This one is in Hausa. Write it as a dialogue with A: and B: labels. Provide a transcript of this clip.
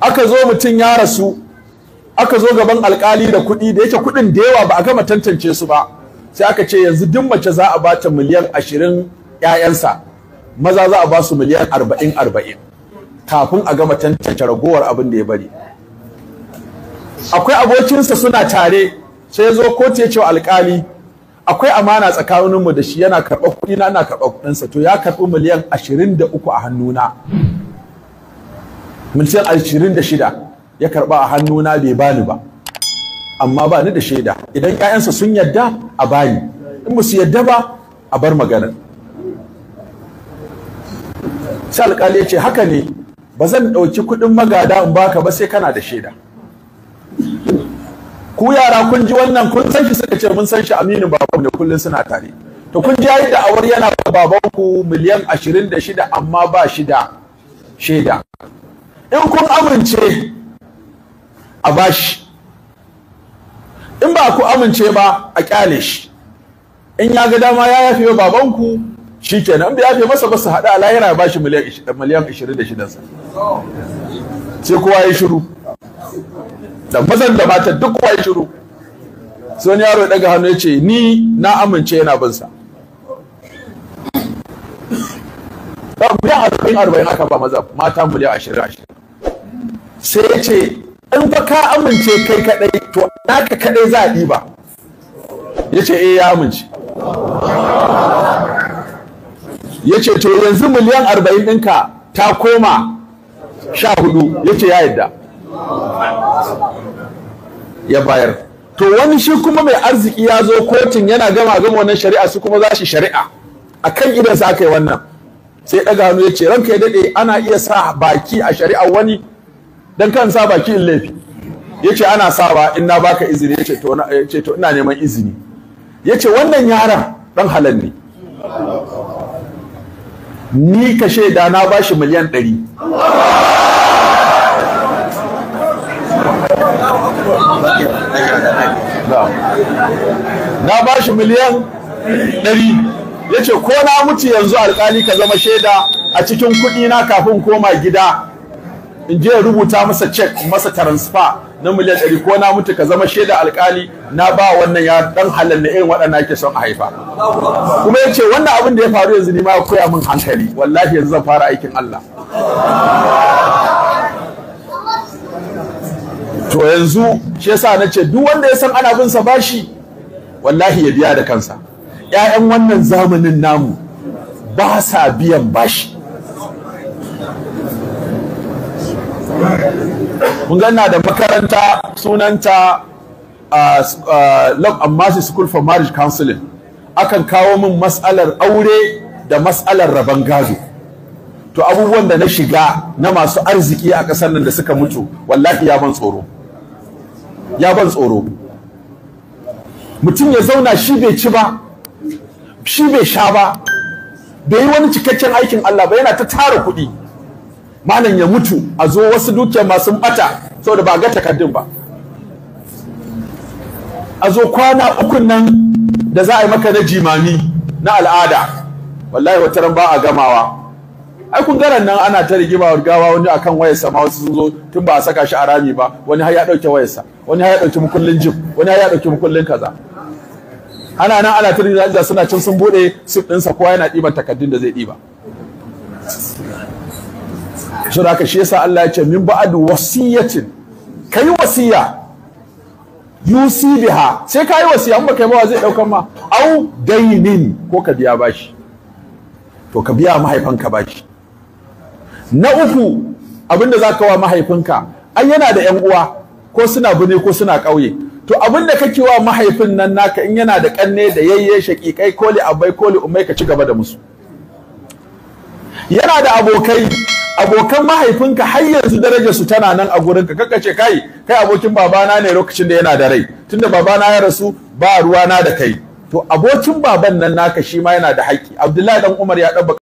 A: aka zo mutum ya rasu aka zo gaban alkali da kuɗi da yake kuɗin da yawa ba a gama tantance su ba sai aka ce yanzu duk mace za a bata miliyan ashirin ƴaƴansa maza za a ba su miliyan arba'in arba'in kafin a gama tantance ragowar abin da ya bari akwai abokinsa suna tare sai ya zo kotu ya ce wa alkali akwai amana tsakaninmu da shi yana karɓar kuɗi na ana karɓar kuɗinsa to ya karɓi miliyan ashirin da uku a hannuna miliyan ashirin da shida ya karba a hannuna bai bani ba amma ba ni da shaida idan 'ya'yansa sun yadda a bani in musu su yadda ba a bar maganar sai alƙali ya ce haka ne ba zan ɗauki kuɗin magada in baka ba sai kana da shaida ku yara kun ji wannan kun san shi suka ce mun san shi aminu baban da kullun suna tare to kun ji yayi da'awar yana babanku miliyan ashirin da shida amma ba shi da shaida in kun amince a bashi in ba ku amince ba a kyale shi in ya ga dama ya yafe babanku shi kenan bai yafe masa ba su haɗa yana lahira ba shi miliyan 26 sai kowa ya shiru da mazan da mata duk kowa ya shiru sai wani yaro ya daga hannu ya ce ni na amince yana bin sa miliyan arba'in arba'in aka ba maza mata miliyan ashirin ashirin sai ya ce in fa ka amince kai kadai to naka kadai za a ɗiba ya ce eh ya amince ya ce to yanzu miliyan arba'in ɗinka ta koma sha hudu ya ce ya yadda ya bayar to wani shi kuma mai arziki ya zo kotun yana gama gama wannan shari'a su kuma za shi shari'a a kan idansa aka wannan sai ɗaga hannu ya ce ranka ya daɗe ana iya sa baki a shari'a wani dan kan sa baki in laifi yace ana sawa in na baka izini yace to yace to ina neman izini yace wannan yaran dan halal ne ni ka sheda na bashi miliyan ɗari na bashi miliyan ɗari Yace ko na mutu yanzu alkali ka zama shaida a cikin kudi na kafin koma gida in je rubuta masa check, masa transfer na miliyan ɗari ko na mutu ka zama shaida alkali na ba wannan ya dan halal na irin waɗanda ake son a haifa kuma yace ce wannan abin da ya faru yanzu ni ma akwai koya min hankali wallahi yanzu zan fara aikin Allah to yanzu shi yasa na ce duk wanda ya san ana bin sa bashi wallahi ya biya da kansa ƴaƴan wannan zamanin namu ba sa biyan bashi mun ganna da makaranta sunanta Love and Mercy School for Marriage Counseling akan kawo min mas'alar aure da mas'alar rabon gado to abubuwan da na shiga na masu arziki a ƙasar nan da suka mutu wallahi ya ban tsoro ya ban tsoro mutum ya zauna shi bai ci ba shi bai sha ba bai yi wani cikakken aikin Allah ba yana ta tara kuɗi malam ya mutu a zo wasu dukiyar masu bata saboda ba ga takardun ba a zo kwana ukun nan da za a yi maka na jimami na al'ada wallahi wata ran ba a gamawa ai kun garan nan ana ta rigima gawa wani akan wayarsa ma wasu sun zo tun ba a saka shi a rami ba wani har ya dauke wayarsa wani har ya dauki mukullin jib wani har ya dauki mukullin kaza ana nan ana ta rigima suna cin sun bude sif ɗinsa kowa yana ɗiban takaddun da zai ɗiba so da haka shi Allah ya ce min ba'adu wasiyatin kai wasiya yusi biha sai ka wasiya amma kai ba zai daukar ma au dainin ko ka biya bashi to ka biya mahaifanka bashi na uku abinda zaka wa mahaifinka ai yana da yan uwa ko suna bune ko suna ƙauye to abinda kake wa mahaifin nan naka in yana da ƙanne da yayye kai, koli abai koli umai ka ci gaba da musu yana da abokai abokan mahaifinka har yanzu darajar su tana nan a gurinka kaka ce kai kai abokin babana ne lokacin da yana da rai tunda babana ya rasu ba na da kai to abokin baban nan naka shi ma yana da haƙƙi abdullahi dan umar ya ɗabbaka